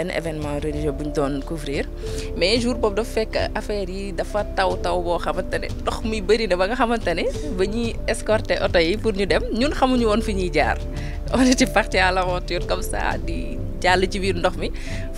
benn événement religieux buñ doon couvrir mais jour boobu dafa fekk affaire yi dafa taw taw boo xamantene dox ndox mi bëri na ba nga xamantene ba ñuy escorter auto yi pour ñu dem ñun xamuñu woon fi ñuy jaar on était parti à l'aventure comme ça di jàll ci biir ndox mi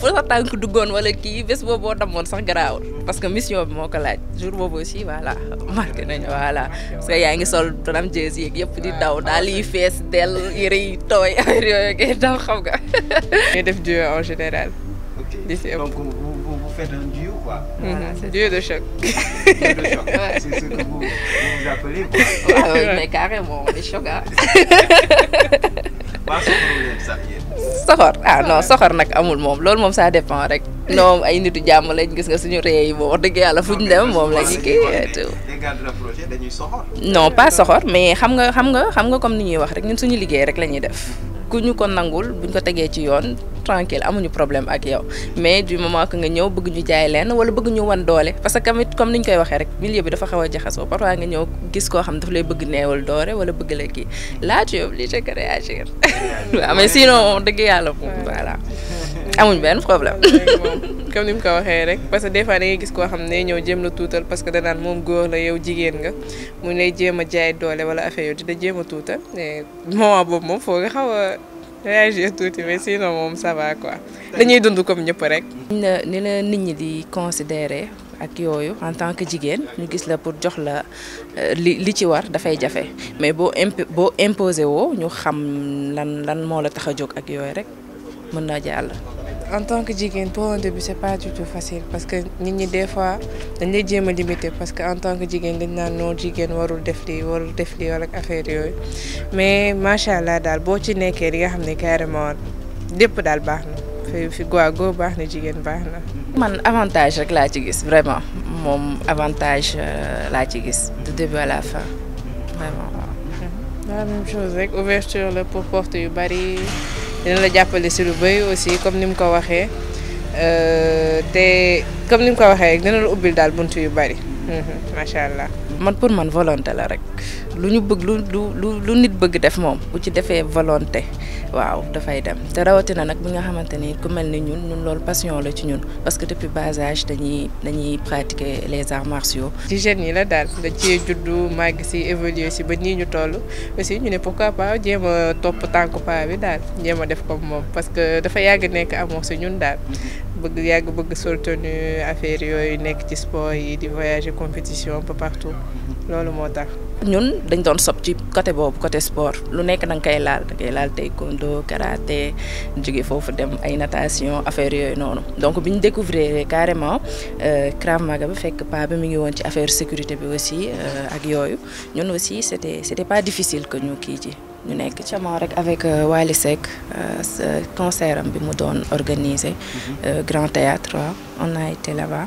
fu sa tànk duggoon wala kii bés sax garaawul parce que mission bi moo jour boobu aussi voilà marqué nañu voilà parce que yaa ngi sol dram tu yeeg di daw daal yi fees dell yëre yi tooy daw xam def en général. ok donc vous vous faites un duo quoi. Mm-hmm. c'est duo de choc. c'est ce que vous vous appelez ah mais carrément on est choc hein. pas problème ça. soxor ah non soxor nag amul moom loolu moom ça dépend rek ñoom ay nitu jàmm lañ gis nga suñu réew yi moom wax yàlla fu ñu dem moom la ñu kii non pas soxor mais xam nga xam nga xam nga comme ni ñuy wax rek ñun suñu liggéey rek la ñuy def ku ñu ko nangul ñu ko tegee ci yoon tranquille amuñu problème ak yow mais du moment que nga ñëw bëgg ñu jaay leen wala bëgg ñu wan doole parce que tamit comme niñ koy waxee rek milieu bi dafa xaw a jaxasoo parfois nga ñëw gis ko xam dafa lay bëgg neewal doole wala bëgg la kii là tu es obligé de réagir waaw mais sinon dëgg yàlla moom voilà amuñ benn problème. comme ni mu ko waxee rek parce que des fois da ngay gis koo xam ne ñëw jéem la tuutal parce que danaan moom góor la yow jigéen nga mu lay jéem a jaay doole wala affaire yow di la jéem a tuutal mais moment boobu moom foo nga xaw a réagir tuuti mais moom ça dañuy dund comme ñëpp rek. ni la nit ñi di considérer ak yooyu en tant que jigéen ñu gis la pour jox la euh, li li ci war dafay jafe mais boo imp boo imposé woo ñu xam lan lan moo la tax a jóg ak yooyu rek mën naa jàll. en tant que jigéen pour un début c'est pas du tout facile parce que nit des fois dañ lay jéem limité parce que en tant que jigéen dañ naan non jigéen warul def lii warul def lii wala affaire mais machallah, allah daal boo ci nekkee di nga xam carrément lépp daal baax na fi fi góor góor baax man avantage rek laa ci vraiment mon avantage euh, la ci gis du début à la fin vraiment la même chose avec ouverture pour porter yu bari. dina la jàppale si lu bëri aussi comme ni mu ko waxee euh, te comme ni mu ko waxee rek dina la ubbil daal bunt yu bëri macha mhm, allah. man pour man volonté la rek luñu bëgg lu lu lu nit bëgg def mom bu ci défé volonté waaw fay dem té rawati na nak bi nga xamanteni ku melni ñun ñun lool passion la ci ñun parce que depuis bas âge dañuy dañuy pratiquer les arts martiaux. ci jeunes yi la dal da ci juddu màgg ci évoluer ci ba nii ñu toll aussi ñu né pourquoi pas jéem top tank pa bi dal jéem def comme mom parce que dafa yàgg nek amox ci ñun dal bëgg yàgg bëgg sol affaire yoy nek ci sport yi di voyager compétition un peu partout loolu moo tax. ñun dañ doon sob ci côté bob, côté sport lu nekk da nga koy laal da ngay laal taekwondo karaté jóge foofu dem ay natation affaire yooyu noonu donc bi ñu découvrir carrément euh, Krav Maga ba fekk pa bi mu ngi woon ci affaire sécurité bi aussi euh, ak yooyu ñun aussi c'était c'était pas difficile que ñu kii ci ñu nekk ci rek avec euh, Wally Seck concert am bi mu doon organisé mhm. Grand Théâtre on a été là-bas